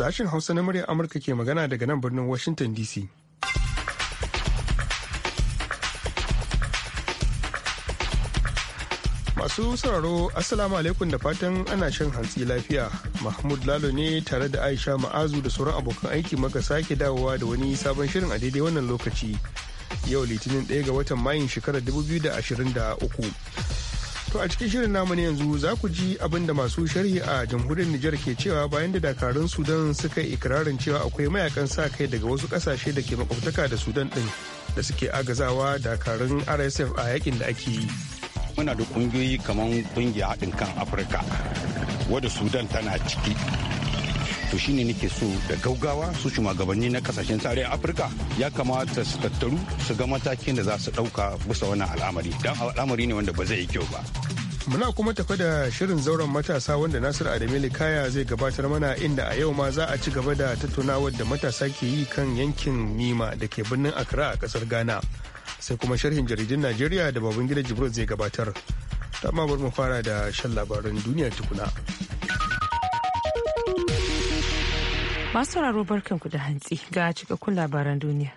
Sashen Hausa na muryar Amurka ke magana daga nan birnin Washington DC. Masu sauraro Assalamu alaikum da fatan ana shan hantsi lafiya. Mahmud Lalo ne tare da Aisha Ma'azu da sauran abokan aiki maka sake dawowa da wani sabon shirin a daidai wannan lokaci. Yau Litinin 1 ga watan Mayun shekarar 2023. To a cikin shirin namu ne yanzu za ku ji abin da masu sharhi a jamhuriyar Nijar ke cewa bayan da dakarun Sudan suka yi ikirarin cewa akwai mayakan sa kai daga wasu kasashe da ke makwabtaka da Sudan din da suke agazawa dakarun RSF a yakin da ake yi. Muna da kungiyoyi kamar kungiyar haɗin kan Afirka wadda Sudan tana ciki to shine nake so da gaugawa su shugabanni na kasashen tarayyar afirka ya kamata su tattaru su ga matakin da za su dauka bisa wannan al'amari don al'amari ne wanda ba zai yi kyau ba muna kuma tafi da shirin zauren matasa wanda nasir adamili kaya zai gabatar mana inda a yau ma za a ci gaba da tattaunawar da matasa ke yi kan yankin nima da ke birnin accra a kasar ghana sai kuma sharhin jaridun najeriya da babangida jibril zai gabatar amma bari mu fara da shan labaran duniya tukuna Masu sauraro ku da hantsi ga cikakkun labaran duniya.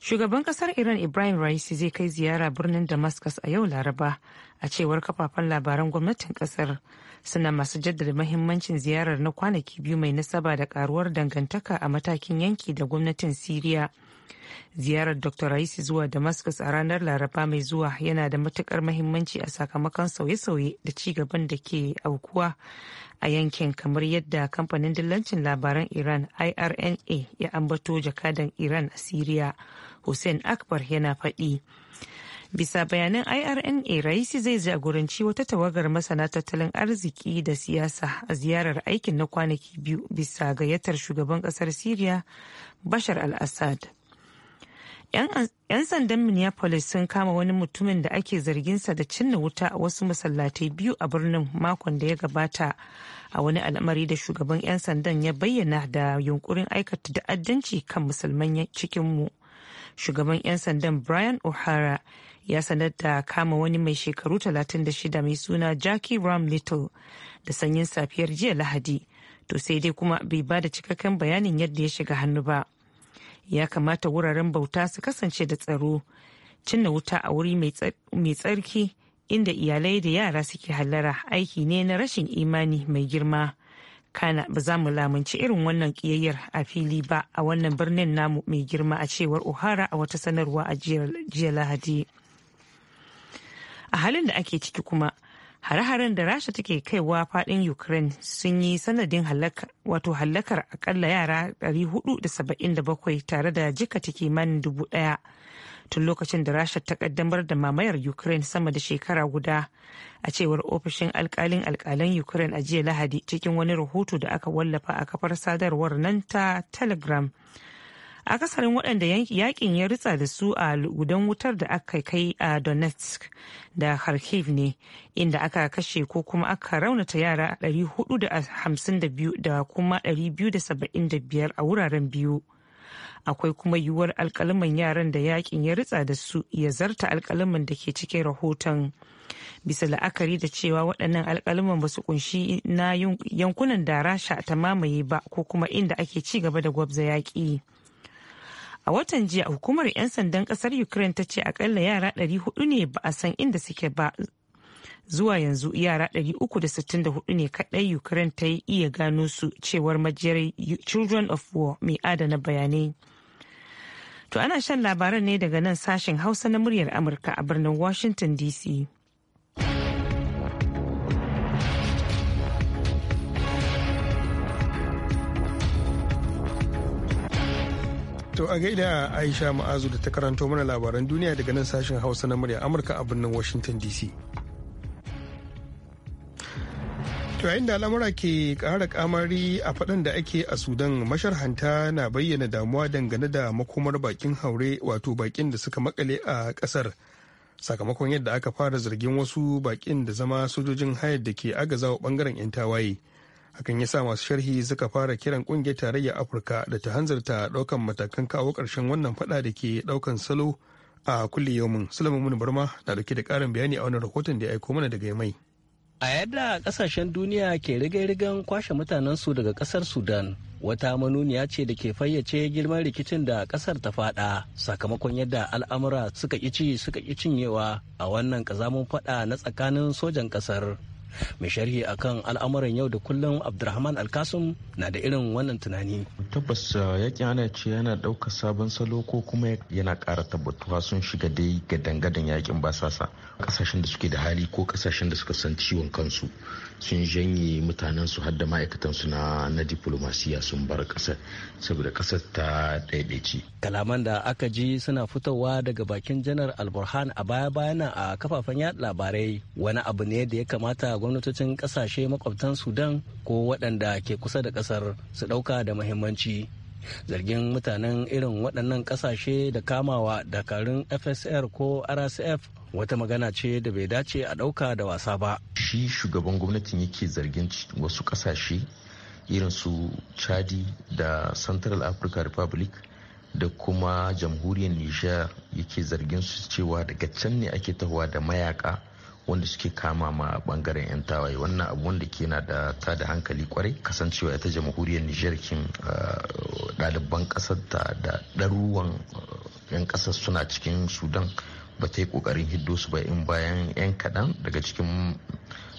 Shugaban kasar Iran Ibrahim Raisi zai kai ziyara birnin Damascus a yau Laraba a cewar kafafen labaran gwamnatin kasar suna masu jaddada mahimmancin ziyarar na kwanaki biyu mai nasaba da karuwar dangantaka a matakin yanki da gwamnatin Siriya. ziyarar dr raisi zuwa damascus a ranar laraba mai zuwa yana da matukar mahimmanci a sakamakon sauye-sauye da ci gaban da ke aukuwa a yankin kamar yadda kamfanin dillancin labaran iran irna ya ambato jakadan iran a syria hussein akbar yana faɗi. bisa bayanan irna raisi zai jagoranci wata tawagar masana tattalin arziki da siyasa a ziyarar aikin na kwanaki biyu bisa gayyatar shugaban kasar syria bashar al-assad 'Yan sandan Minneapolis sun kama wani mutumin da ake zarginsa da cinna wuta a wasu masallatai biyu a birnin makon da ya gabata a wani al'amari da shugaban 'yan sandan ya bayyana da yunkurin aikata ta'addanci kan musulman mu Shugaban 'yan sandan Brian O'Hara ya sanar da kama wani mai shekaru 36 mai suna Jackie Ram Little da sanyin safiyar jiya Lahadi. To sai dai kuma bai ba da cikakken bayanin yadda ya shiga hannu ba. ya kamata wuraren bauta su kasance da tsaro cinna wuta a wuri mai tsarki inda iyalai da yara suke hallara aiki ne na rashin imani mai girma kana ba za mu lamunci irin wannan kiyayyar a fili ba a wannan birnin namu mai girma a cewar ohara a wata sanarwa a jiya lahadi a halin da ake ciki kuma hare-haren da rasha take kaiwa fadin ukraine sun yi sanadin wato hallakar akalla yara 477 tare da jika jikata kimanin dubu daya tun lokacin da rasha ta kaddamar da mamayar ukraine sama da shekara guda a cewar ofishin alkalin alkalan ukraine a jiya lahadi cikin wani rahoto da aka wallafa a kafar sadarwar nan ta telegram akasarin waɗanda yakin ya ritsa da su a gudan wutar da aka kai a donetsk da kharkiv ne inda aka kashe ko kuma aka raunata yara 452 da kuma 275 a wuraren biyu akwai kuma yiwuwar alkalaman yaran da yakin ya ritsa da su ya zarta alkalaman da ke cikin rahoton bisa la'akari da cewa waɗannan alkalaman ba su kunshi na yankunan da rasha ta mamaye ba ko kuma inda ake ci gaba da gwabza yaƙi. A watan jiya hukumar 'yan sandan kasar Ukraine ta ce akalla yara 400 ne ba a san inda suke ba zuwa yanzu yara 364 ne kadai Ukraine ta yi iya gano su cewar majiyar Children of War mai adana bayanai. To ana shan labaran ne daga nan sashen Hausa na muryar Amurka a birnin Washington DC. To a gaida Aisha Ma'azu da ta karanto mana labaran duniya daga nan sashen Hausa na murya Amurka a birnin Washington DC. To yayin da al'amura ke kara kamari a faɗan da ake a Sudan masharhanta na bayyana damuwa dangane da makomar bakin haure wato bakin da suka makale a ƙasar. Sakamakon yadda aka fara zargin wasu bakin da zama sojojin hayar da ke agazawa bangaren 'yan tawaye. hakan ya sa masu sharhi suka fara kiran kungiyar tarayyar afirka da ta hanzarta daukan matakan kawo karshen wannan fada da ke daukan salo a kulle yaumin sulaiman barma na dauke da karin bayani a wani rahoton da ya aiko mana daga mai a yadda kasashen duniya ke rigai-rigan kwashe mutanensu daga kasar sudan wata manuniya ce da ke fayyace girman rikicin da kasar ta fada sakamakon yadda al'amura suka ici suka ki cinyewa a wannan kazamun fada na tsakanin sojan kasar mai sharhi akan al'amuran yau da kullum abdulrahman alkasum na da irin wannan tunani tabbas uh, yakin ana ce yana ɗaukar sabon salo ko kuma yana ƙara tabbatuwa sun shiga dai ga dangadan yakin basasa kasashen da suke da hali ko kasashen da suka san ciwon kansu sun janye mutanen su hadda ma'aikatan su na na diplomasiya sun bar kasar saboda kasar ta daidaici kalaman da aka ji suna fitowa daga bakin janar alburhan a baya bayana a kafafen yaɗa labarai wani abu ne da ya kamata gwamnatocin kasashe makwabtan sudan ko waɗanda ke kusa da kasar su ɗauka da muhimmanci zargin mutanen irin waɗannan ƙasashe da kamawa dakarun fsr ko rsf wata magana ce da bai dace a ɗauka da wasa ba shi shugaban gwamnatin yake zargin wasu ƙasashe irin su chadi da central africa republic da kuma jamhuriyar nijar yake zargin su cewa daga can ne ake tahowa da mayaka wanda suke kama ma bangaren 'yan tawaye wannan abu wanda ke na da ta da hankali kwarai kasancewa ita jamhuriyar nijar kin ah, ɗaliban ƙasar da ɗaruwan 'yan ah, ƙasar suna cikin sudan ba ta yi kokarin hiddo su ba in bayan 'yan kaɗan daga cikin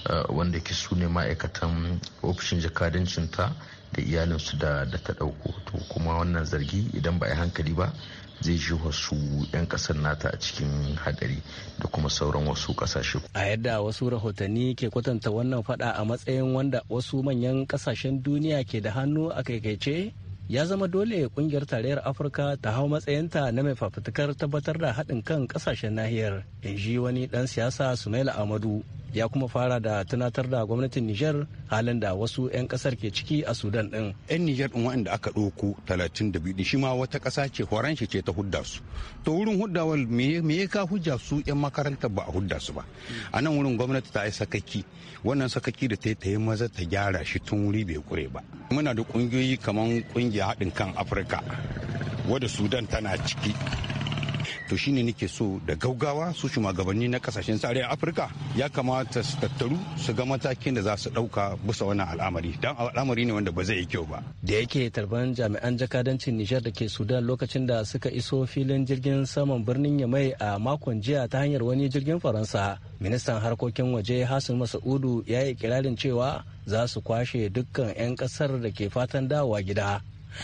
eh, wanda ke su ma'aikatan ofishin jakadancinta da iyalinsu da ta ɗauko to kuma wannan zargi idan ba a yi hankali ba zai ji wasu 'yan kasar nata a cikin hadari da kuma sauran wasu kasashe. A yadda wasu rahotanni ke kwatanta wannan fada a matsayin wanda wasu manyan kasashen duniya ke da hannu a kaikaice ya zama dole kungiyar tarayyar afirka ta hau matsayinta na mai fafutukar tabbatar da haɗin kan ƙasashen nahiyar in ji wani ɗan siyasa sumaila amadu ya kuma fara da tunatar da gwamnatin Nijar halin da wasu 'yan kasar ke ciki a Sudan din. 'Yan Nijar din waɗanda aka ɗauko 32 shi ma wata ƙasa ce horon shi ce ta hudda su. To wurin huddawar me ya ka hujja su 'yan makarantar ba a hudda su ba. A nan wurin gwamnati ta yi sakaki wannan sakaki da ta yi ta yi maza ta gyara shi tun wuri bai kure ba. Muna da ƙungiyoyi kamar ƙungiyar haɗin kan Afirka wadda Sudan tana ciki. to shine nake so da gaugawa su shugabanni na kasashen a afirka ya kamata su tattaru su ga matakin da za su dauka bisa wannan al'amari don al'amari ne wanda ba zai yi kyau ba da yake tarban jami'an jakadancin nijar da ke sudan lokacin da suka iso filin jirgin saman birnin yamai a makon jiya ta hanyar wani jirgin faransa ministan harkokin waje hassan masaudu ya yi kirarin cewa za su kwashe dukkan 'yan kasar da ke fatan dawowa gida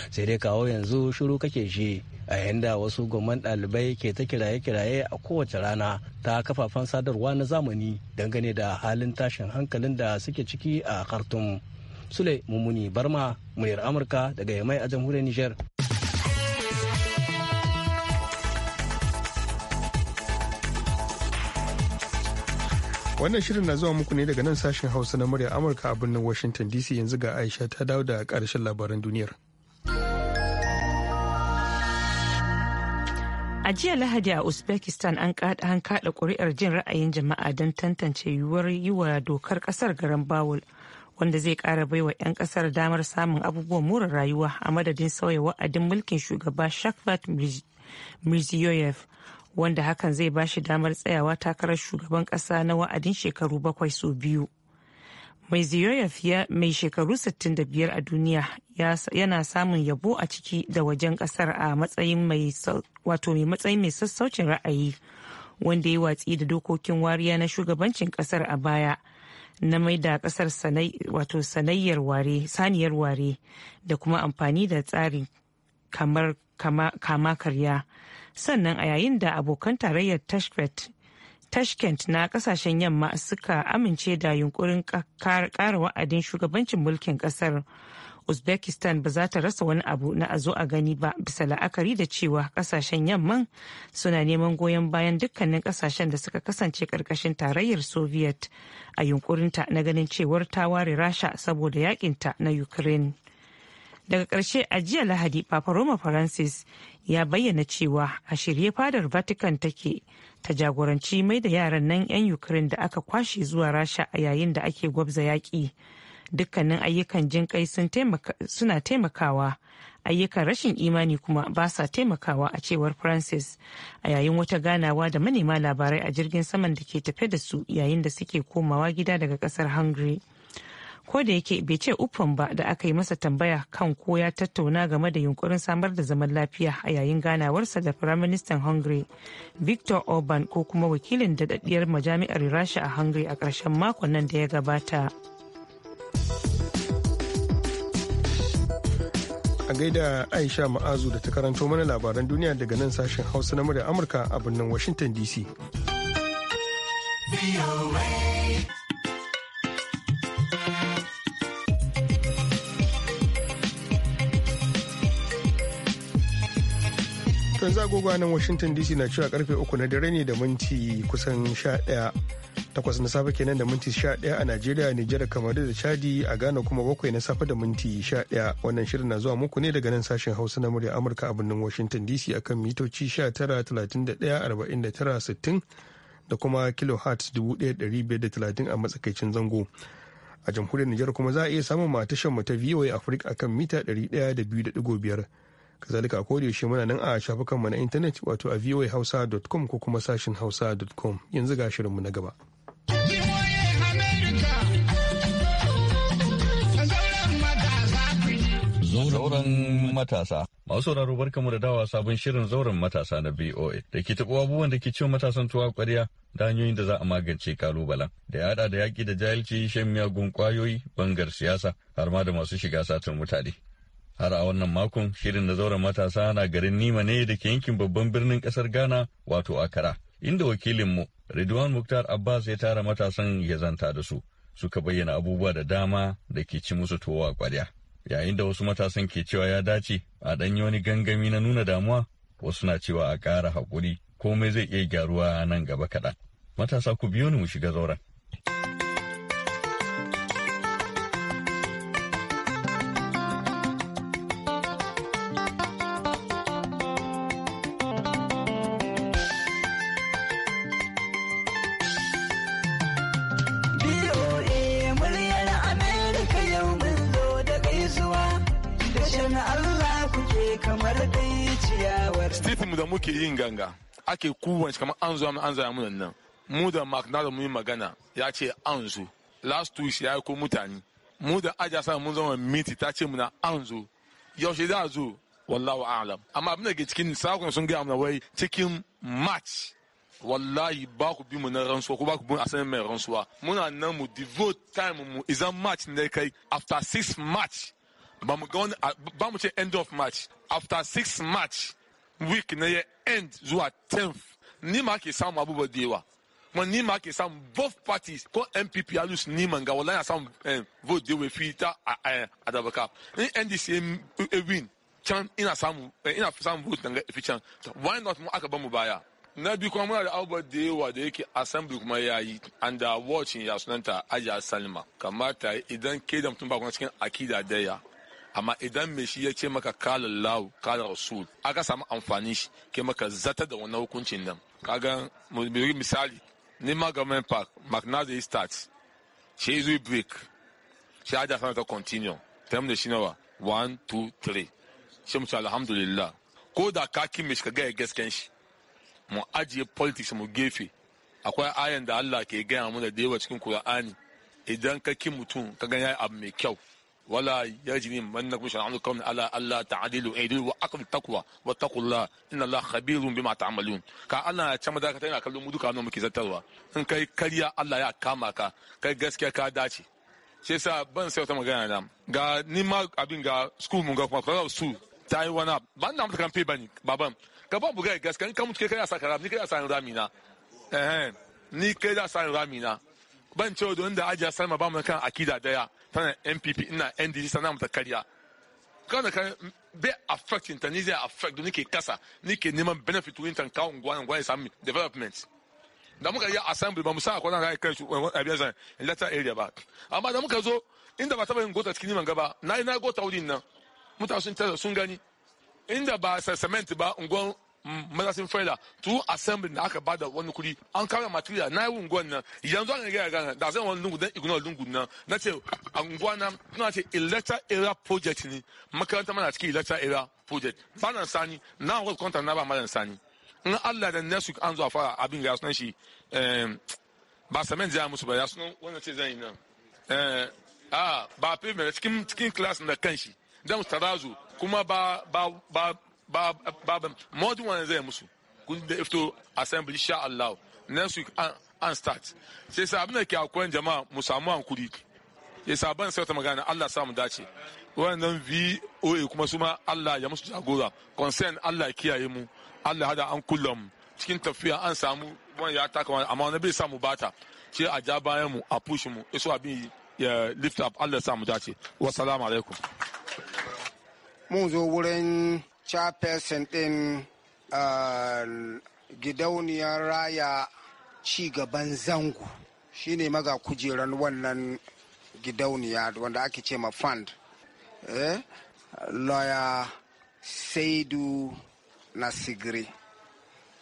sai dai kawo yanzu shiru kake shi a yanda wasu gwamman dalibai ke ta kiraye-kiraye a kowace rana ta kafafen sadarwa na zamani dangane da halin tashin hankalin da suke ciki a khartoum sule mummuni barma muryar amurka daga yamai a jamhuriyar niger wannan shirin na zuwa muku ne daga nan sashen hausa na murya amurka a birnin washington dc yanzu ga aisha ta dawo da karshen labaran duniyar A jiya Lahadi a Uzbekistan an kada ƙuri'ar jin ra'ayin jama'a don tantance yiwuwar yi wa dokar kasar garin Bawul wanda zai ƙara baiwa 'yan kasar damar samun abubuwan more rayuwa a madadin sauya wa'adin mulkin shugaba Shakvat Mirziyoyev wanda hakan zai bashi damar tsayawa takarar shugaban kasa na wa'adin shekaru bakwai sau biyu. mai fiye mai shekaru 65 a duniya yana samun yabo a ciki da wajen kasar a matsayin mai sassaucin ra'ayi wanda ya watsi da dokokin wariya na shugabancin kasar a baya na mai da kasar wato sanayyar ware saniyar ware da kuma amfani da tsari kamar kama, karya sannan a yayin da abokan tarayyar tashkent tashkent na kasashen yamma suka amince da yunkurin kara wa'adin shugabancin mulkin kasar uzbekistan ba za ta rasa wani abu na a zo a gani ba bisa la'akari da cewa kasashen yamman suna neman goyon bayan dukkanin kasashen da suka kasance karkashin tarayyar soviet a yunkurinta na ganin cewar ta ware rasha saboda yakinta na ukraine daga ƙarshe a jiya lahadi papa roma francis ya bayyana cewa a shirye fadar vatican take ta jagoranci mai da yaran nan 'yan ukraine da aka kwashe zuwa rasha a yayin da ake gwabza yaƙi dukkanin ayyukan jin kai suna taimakawa ayyukan rashin imani kuma ba sa taimakawa a cewar francis a yayin wata ganawa da manema labarai a jirgin saman da ke tafe da su yayin da suke komawa gida daga kasar hungary ko da yake bai ce uffan ba da aka yi masa tambaya kan ko ya tattauna game da yunkurin samar da zaman lafiya a yayin ganawarsa da firaministan hungary victor orban ko kuma wakilin daɗaɗɗiyar majami'ar rasha a hungary a ƙarshen makon nan da ya gabata a gaida aisha ma'azu da ta karanto mana labaran duniya daga nan sashen hausa na murya amurka a birnin washington dc yanzu agogo nan washington dc na cewa karfe uku na dare ne da minti kusan 11 takwas na safe kenan da minti 11 a najeriya nijar kamar da chadi a ghana kuma bakwai na safe da minti 11 wannan shirin na zuwa muku ne daga nan sashen hausa na murya amurka a birnin washington dc akan mitoci 19 da kuma kilohertz 1530 a matsakaicin zango a jamhuriyar nijar kuma za a iya samun matashin mu ta voa africa akan mita 102.5 kazalika a yaushe muna nan a shafukanmu na intanet wato a voahausa.com ko kuma sashin hausa.com yanzu ga shirinmu na gaba. Zauren matasa. Masu sauraro mu da dawa sabon shirin zauren matasa na BOA da ke taɓo abubuwan da ke ciwo matasan tuwa ƙwarya da hanyoyin da za a magance kalubalen da ya haɗa da yaƙi da jahilci shan miyagun ƙwayoyi bangar siyasa har ma da masu shiga satin mutane. har a wannan makon shirin na zauren matasa na garin nima ne da ke yankin babban birnin kasar ghana wato akara inda wakilinmu ridwan muktar abbas ya tara matasan ya zanta da su suka bayyana abubuwa da dama da ke ci musu towa kwarya yayin da wasu matasan ke cewa ya dace a ɗanyi wani gangami na nuna damuwa wasu na cewa a ƙara haƙuri komai zai iya gyaruwa nan gaba kaɗan matasa ku biyo ni mu shiga zauren. muke yin ganga ake kowace kamar an zuwa an zuwa munan nan mu da mark na da mu magana ya ce an zo last two ya ko mutane mu da aja sa mun zama miti ta ce muna an zo yaushe za a zo wallahu alam amma abin da ke cikin sakon sun gaya mana wai cikin march wallahi ba ku bi mu na ransuwa ko ba ku bi a sanin mai ransuwa muna nan mu devote time mu izan match ne kai after six match ba mu ga wani ba mu ce end of match after six match week na ya end zuwa 10th nima ke samu abubuwa da yawa kuma nima ke samu both parties ko npp ya lose niman ga wallahi samu eh, vote da fi ta a dabaka in ndc ya win can ina samu eh, ina samu vote daga fi can why not mu aka mu baya na bi kuma muna da abubuwa da yawa da yake assembly kuma ya yi under da watching ya sunanta ajiya salma kamata idan ke da ba kuma cikin akida daya amma idan mai shi ya ce maka kalar lahu kala rasul aka samu amfani shi ke maka zata da wani hukuncin nan kaga misali nima government park mcnair zai start shi zai break shi aja sana ta continue tem da shi nawa 1 2 3 shi mutu alhamdulillah ko da kaki mai shi ka gaya gasken shi mu ajiye politics mu gefe akwai ayan da Allah ke gaya mu da yawa cikin Kur'ani idan ka ki mutum ka ga abu mai kyau ولا يجرمنكم شنعان قوم على الا تعدلوا اعدلوا واقم التقوى واتقوا الله ان الله خبير بما تعملون ka Allah ya cama zaka kallon mu duka nan muke zartarwa kai karya Allah ya kama ka kai gaskiya ka dace shi yasa ban sai wata magana na ga ni ma abin ga school mun ga kuma kula su ta yi wani ba na mutu kamfe ba ni baban ka ba bugai gaskiya in ka mutu kai kai sa karam ni kai sa rami na ni kai da sa don da ajiya salma ba mu kan akida daya tana npp ina ndc sana mata karya kana kan bai affect ta affect kasa nike neman benefit wurin tan kawo ya sami development da muka yi assembly ba mu sa na kai shi eh, eh, abin zan latter area ba amma da muka zo inda ba taba yin gota cikin liman gaba na yi na gota wurin nan mutane sun gani inda ba cement ba matasin faida tu assembly da aka bada wani kuri an kama material na yi unguwan nan yanzu an gaya gana da zan wani lungu dan iguna lungu nan na ce unguwa na na ce electoral era project ne makaranta mana cikin electoral era project sanan sani na wasu kwanta na ba madan sani in allah da next an zuwa fara abin ga sunan shi ba samen jiya musu ba ya sunan wannan ce zan yi nan a ba a cikin class da kan shi dan tarazu kuma ba ba babin modin wani zai musu kun da ifto assembly sha Allah next week an start sai sa abin da ke akwai jama'a mu samu hankuri ya sa ban sauta magana Allah samu dace wannan VOA kuma su ma Allah ya musu jagora concern Allah kiyaye mu Allah hada an kullum cikin tafiya an samu wani ya taka wani amma wani bai samu bata ce a ja bayan mu a push mu iso abin ya lift up Allah samu dace wasu alaikum mun zo wurin chairperson ɗin uh, gidauniyar raya ci gaban zango shine maga kujeran wannan gidauniya wanda ake ce ma fund eh? lawyer saidu na sigiri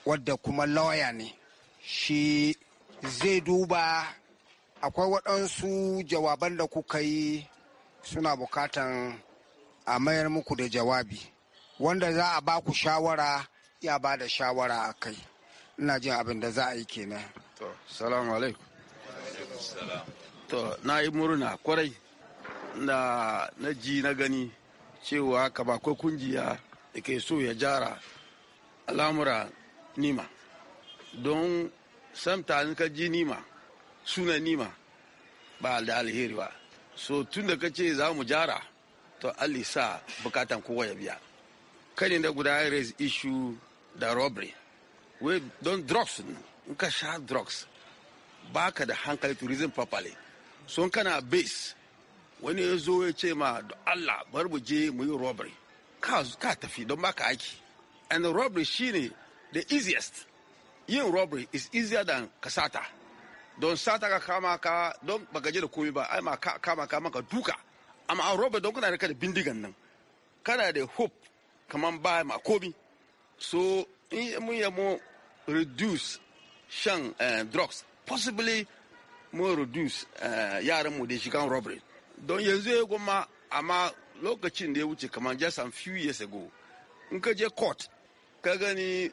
wadda kuma lawyer ne shi zai duba akwai waɗansu jawaban da kuka yi suna bukatan a mayar muku da jawabi wanda za a ba ku shawara ya ba da shawara a kai ina jin abin da za a yi kenan to na yi murna kwarai na na ji na gani cewa ka ba kungiya da ke so ya jara al'amura nima don samta ka ji nima suna nima ba da alheri ba so tun da ka ce za mu jara to alisa bukatan kowa ya biya ne da guda raise issue da robbery we don drugs in ka sha drugs ba ka da hankali to reason properly so in kana base wani ya zo ya ce ma da Allah bar mu je mu yi robbery ka tafi don baka aiki and robbery shine the easiest yin robbery is easier than kasata don sata ka kama ka don baka je da komi ba ai ma kama ka maka duka amma a robbery don kana da bindigan nan kana da hope kamar ba ma komi so in mun ya mu reduce shan eh, drugs possibly mu reduce eh, yaran mu da shiga robbery don yanzu ya goma amma lokacin da ya wuce kamar just a few years ago in ka je court ka gani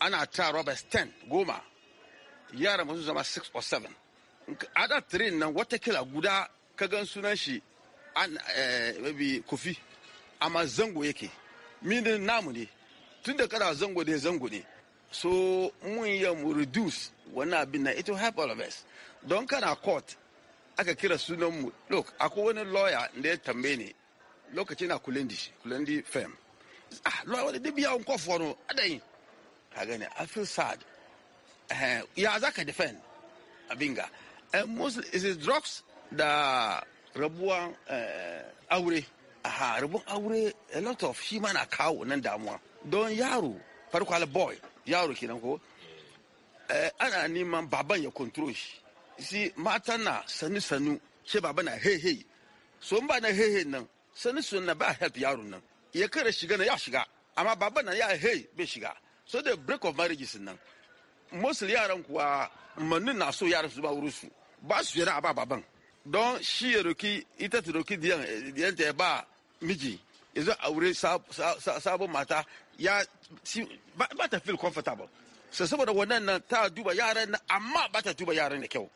ana ta robbers 10 goma yaran masu zama 6 or 7 ada train nan watakila guda ka gan sunan shi an eh, kofi amma zango yake minin namu ne tun da kana zango ne zango ne so mun yi mu reduce wannan abin na ito help all of us don kana court aka kira sunan mu look akwai wani lawyer da ya tambaye ne lokaci na kulendi kulendi fem ah lawyer wani dubi yawon kofi wani adayin ka gani i feel sad eh, ya za ka defend abinga and eh, mostly is it drugs da rabuwan eh, aure harbin aure a lot of shi ma na kawo nan damuwa don yaro farko boy yaro kenan ko eh, ana neman baban ya control shi si mata na sanu sanu shi baban na hey hey so ba na hey hey nan sanu sanu na ba help yaro nan ya kare shiga na ya shiga amma baban na ya hey bai shiga so the break of marriage sun nan most yaran kuwa manin na so yaran su ba wurin su ba su yana ba baban don shi ya roki ita ta roki diyan ta ba miji ya zo aure sabon mata ya ba ta feel comfortable sai saboda wannan nan ta duba yaran nan amma ba ta duba yaran da kyau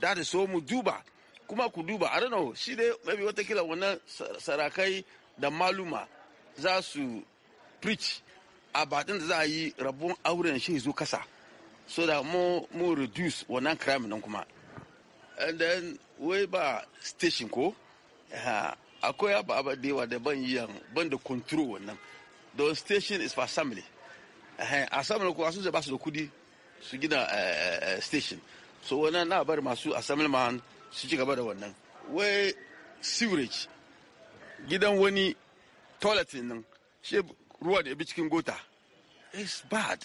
da da so mu duba kuma ku duba a know shi dai maybe watakila wannan sarakai da maluma za su preach a batun da za a yi rabon auren shi zo kasa so da mu mu reduce wannan crime nan kuma and then wai ba station ko akwai abu da yawa da ban yi ban da control wannan don station is for assembly assembly ko asu ba su da kudi su gina eh, eh, eh, station so wannan na bar masu assembly man su ci gaba da wannan wai sewerage gidan wani toilet nan shi ruwa da ya bi cikin gota is bad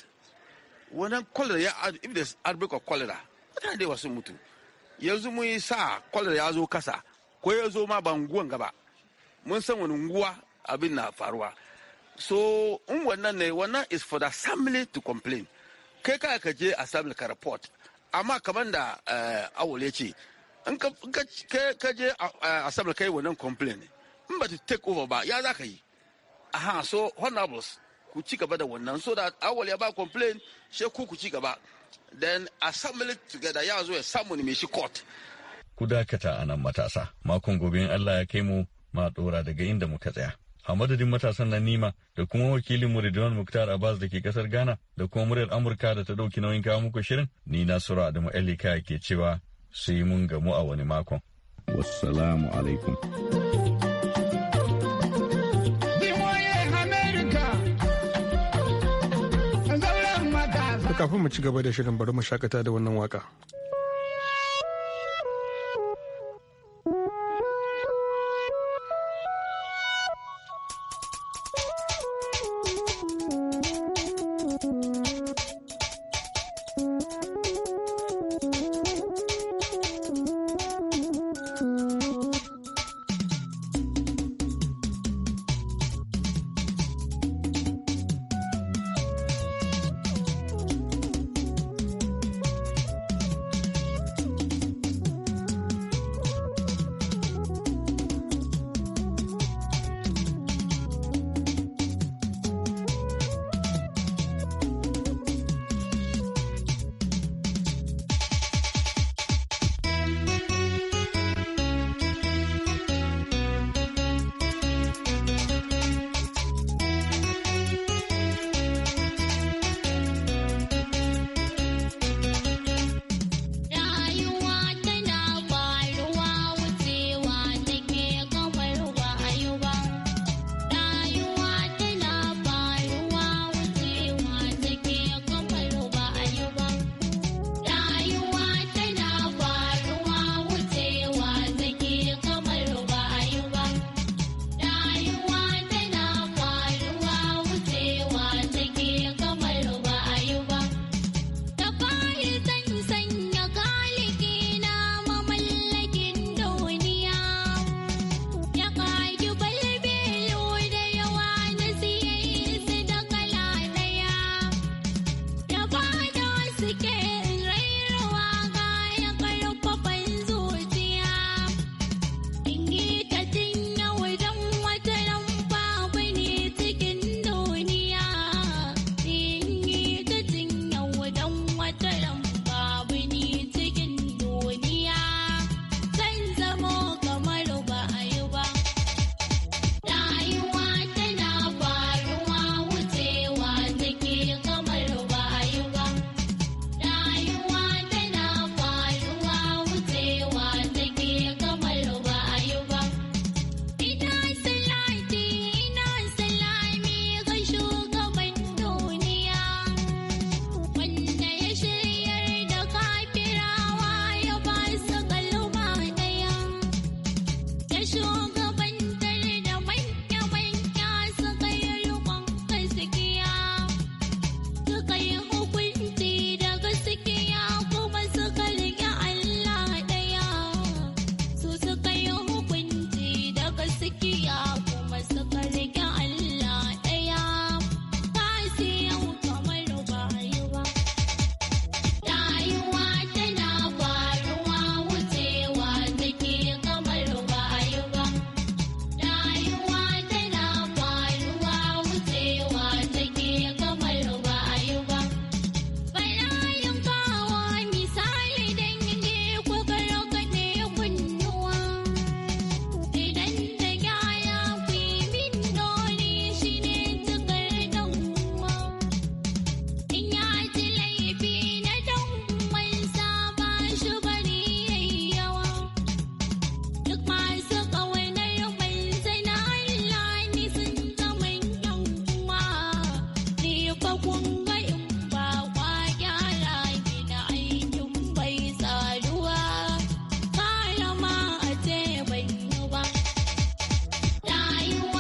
wannan cholera ya if there's outbreak of cholera mutane da yawa sun mutu yanzu mun yi sa cholera ya zo kasa ko ya zo ma banguwan gaba mun san wani nguwa abin na faruwa so in wannan ne wannan is for the assembly to complain kai ka ka je assembly ka report amma kamar da eh, awole ce in ka je eh, assembly kai wannan complain in ba ta take over ba ya za ka yi aha so honorables ku ci gaba da wannan so that awal ya ba complain she ku ku ci gaba then assembly together ya zo ya samu ne mai shi court ku dakata anan matasa makon gobe in Allah ya kai mu ma dora daga inda muka tsaya. A madadin matasan nan nima da kuma wakilin Ridwan Muktar Abbas da ke kasar Ghana da kuma muryar Amurka da ta ɗauki nauyin kawo muku shirin ni na Nasiru Adamu Elika ke cewa sai mun gamu a wani makon. Wassalamu alaikum. Kafin mu ci gaba da shirin bari mu shakata da wannan waka.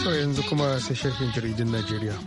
To yanzu kuma sai sharhin jaridun Najeriya.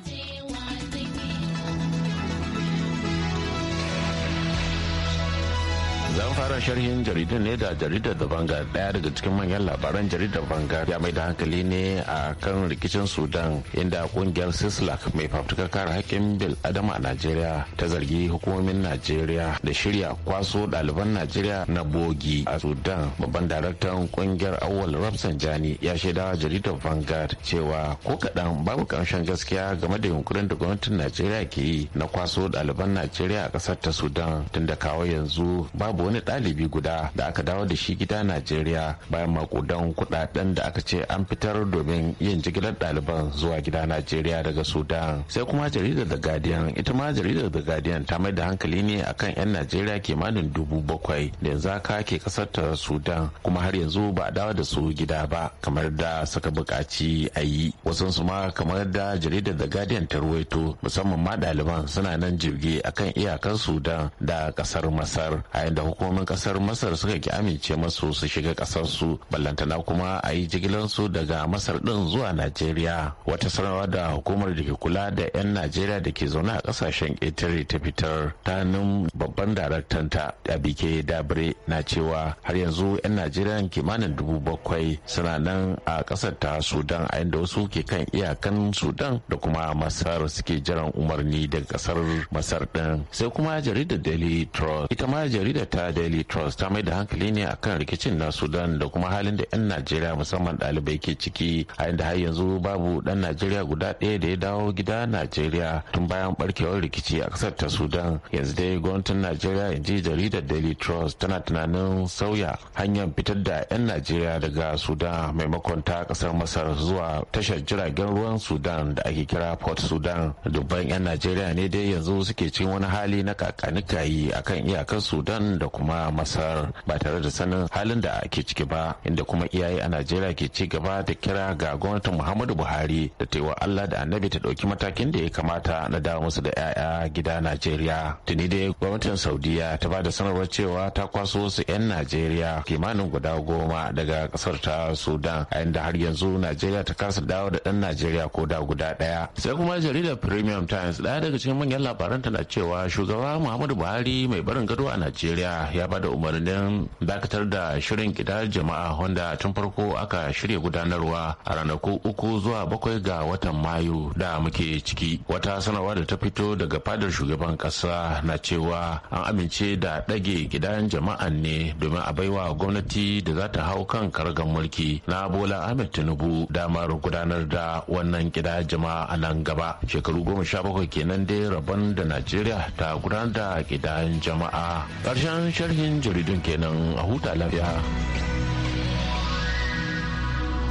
an fara sharhin jaridar ne da jaridar da banga daya daga cikin manyan labaran jaridar banga ya mai da hankali ne a kan rikicin Sudan inda kungiyar Sislak mai fafutukar kare haƙƙin bil adama a Najeriya ta zargi hukumomin Najeriya da shirya kwaso ɗaliban Najeriya na bogi a Sudan. Babban daraktan kungiyar Awal jani ya shaida jaridar vangard cewa ko kaɗan babu ƙarshen gaskiya game da yunkurin da gwamnatin Najeriya ke yi na kwaso ɗaliban Najeriya a ƙasar ta Sudan tun da kawo yanzu babu wani wani ɗalibi guda da aka dawo da shi gida najeriya bayan makudan kudaden da aka ce an fitar domin yin jigilar ɗaliban zuwa gida najeriya daga sudan sai kuma jaridar da guardian ita ma jaridar da guardian ta mai da hankali ne akan 'yan najeriya kimanin dubu bakwai da yanzu aka ke kasar ta sudan kuma har yanzu ba a dawo da su gida ba kamar da suka buƙaci a yi wasu su ma kamar da jaridar da guardian ta ruwaito musamman ma ɗaliban suna nan jirgi akan iyakar sudan da ƙasar masar a yadda hukumar hukumomin kasar masar suka ki amince masu su shiga kasar su ballantana kuma a yi jigilar su daga masar din zuwa najeriya wata sanarwa da hukumar da ke kula da 'yan najeriya da ke zaune a kasashen ƙetare ta fitar ta nan babban daraktan ta abike dabre na cewa har yanzu 'yan najeriya kimanin dubu bakwai suna nan a kasar ta sudan a inda wasu ke kan iyakan sudan da kuma masar suke jiran umarni daga kasar masar din sai kuma jaridar daily trust ita ma jaridar ta daily trust ta mai da hankali ne akan rikicin na sudan da kuma halin da 'yan najeriya musamman ɗalibai ke ciki a inda har yanzu babu ɗan najeriya guda ɗaya da ya dawo gida najeriya tun bayan barkewar rikici a ƙasar ta sudan yanzu dai gwamnatin najeriya ji jaridar daily trust tana tunanin sauya hanyar fitar da 'yan najeriya daga sudan maimakon ta kasar masar zuwa tashar jiragen ruwan sudan da ake kira port sudan dubban 'yan najeriya ne dai yanzu suke cikin wani hali na kakanikayi akan iyakar sudan da kuma masar ba tare da sanin halin da ake ciki ba inda kuma iyaye a najeriya ke ci gaba da kira ga gwamnatin muhammadu buhari da taiwa allah da annabi ta ɗauki matakin da ya kamata na dawo musu da 'ya'ya gida najeriya tuni dai gwamnatin saudiya ta ba da sanarwar cewa ta kwaso wasu 'yan najeriya kimanin guda goma daga kasar ta sudan a inda har yanzu najeriya ta kasa dawo da ɗan najeriya ko da guda ɗaya sai kuma jaridar premium times daya daga cikin manyan labaran tana cewa shugaba muhammadu buhari mai barin gado a najeriya ya bada umarnin dakatar da shirin kidar jama'a wanda tun farko aka shirya gudanarwa a ranaku uku zuwa bakwai ga watan mayu da muke ciki wata sanarwa da ta fito daga fadar shugaban kasa na cewa an amince da ɗage gidan jama'a ne domin a baiwa gwamnati da za ta hau kan kargan mulki na bola ahmed tinubu damar gudanar da wannan gida jama'a a nan gaba shekaru goma sha bakwai kenan dai rabon da najeriya ta gudanar da gidan jama'a ƙarshen sharhin jaridun kenan a huta lafiya.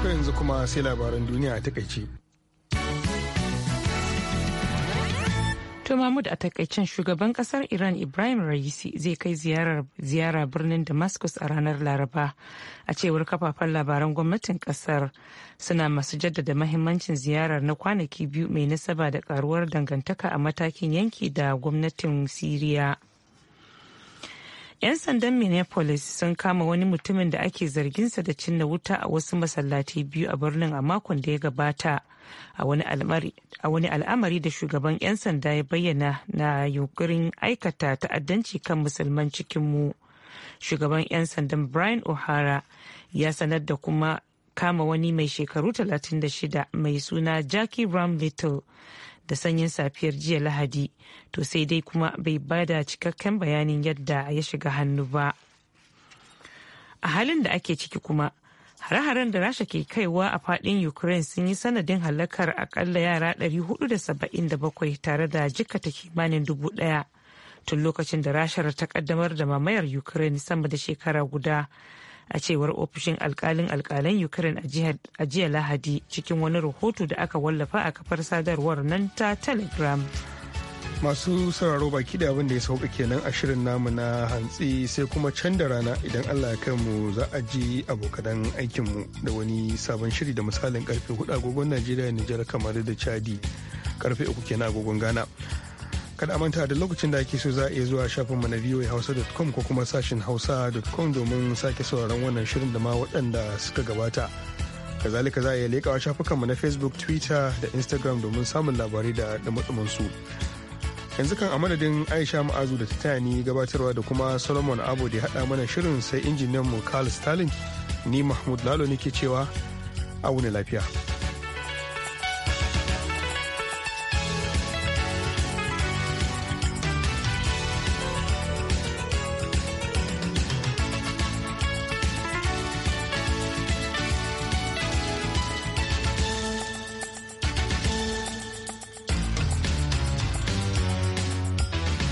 To yanzu kuma sai labaran duniya a takaice. To Mahmud a takaicin shugaban kasar Iran Ibrahim Raisi zai kai ziyara birnin Damascus a ranar Laraba a cewar kafafen labaran gwamnatin kasar suna masu jaddada mahimmancin ziyarar na kwanaki biyu mai nasaba da karuwar dangantaka a matakin yanki da gwamnatin Siriya. 'Yan sandan Minneapolis sun kama wani mutumin da ake zarginsa da cinna wuta a wasu masallaci biyu a birnin a makon da ya gabata a wani al'amari da shugaban 'yan sanda ya bayyana na yunkurin aikata ta'addanci kan musulman cikinmu. Shugaban 'yan sandan Brian O'Hara ya sanar da kuma kama wani mai shekaru 36 mai suna Jackie Ram Little da sanyin safiyar jiya lahadi to sai dai kuma bai bada cikakken bayanin yadda ya shiga hannu ba a halin da ake ciki kuma hare-haren da rasha ke kaiwa a fadin ukraine sun yi sanadin halakar akalla yara 477 tare da jikata kimanin dubu daya tun lokacin da rashar ta kaddamar da mamayar ukraine sama da shekara guda a cewar ofishin alkalin alkalan ukraine a jiya lahadi cikin wani rahoto da aka wallafa a kafar sadarwar nan ta telegram masu sauraro baki da abin da ya sauka kenan a shirin namu na hantsi sai kuma can da rana idan allah ya kai mu za a ji abokadan mu da wani sabon shiri da misalin karfe hudu agogon najeriya nijar kamar da chadi karfe uku kenan agogon ghana kada a manta da lokacin da ake so za a iya zuwa shafinmu na voahausa.com ko kuma sashin hausa.com domin sake sauraron wannan shirin da ma waɗanda suka gabata kazalika za a iya leƙawa shafukanmu na facebook twitter da instagram domin samun labarai da dumudumin su yanzu kan a aisha ma'azu da ta taya ni gabatarwa da kuma solomon abu da ya haɗa mana shirin sai injiniyan mu carl stalin ni mahmud lalo ne ke cewa a wuni lafiya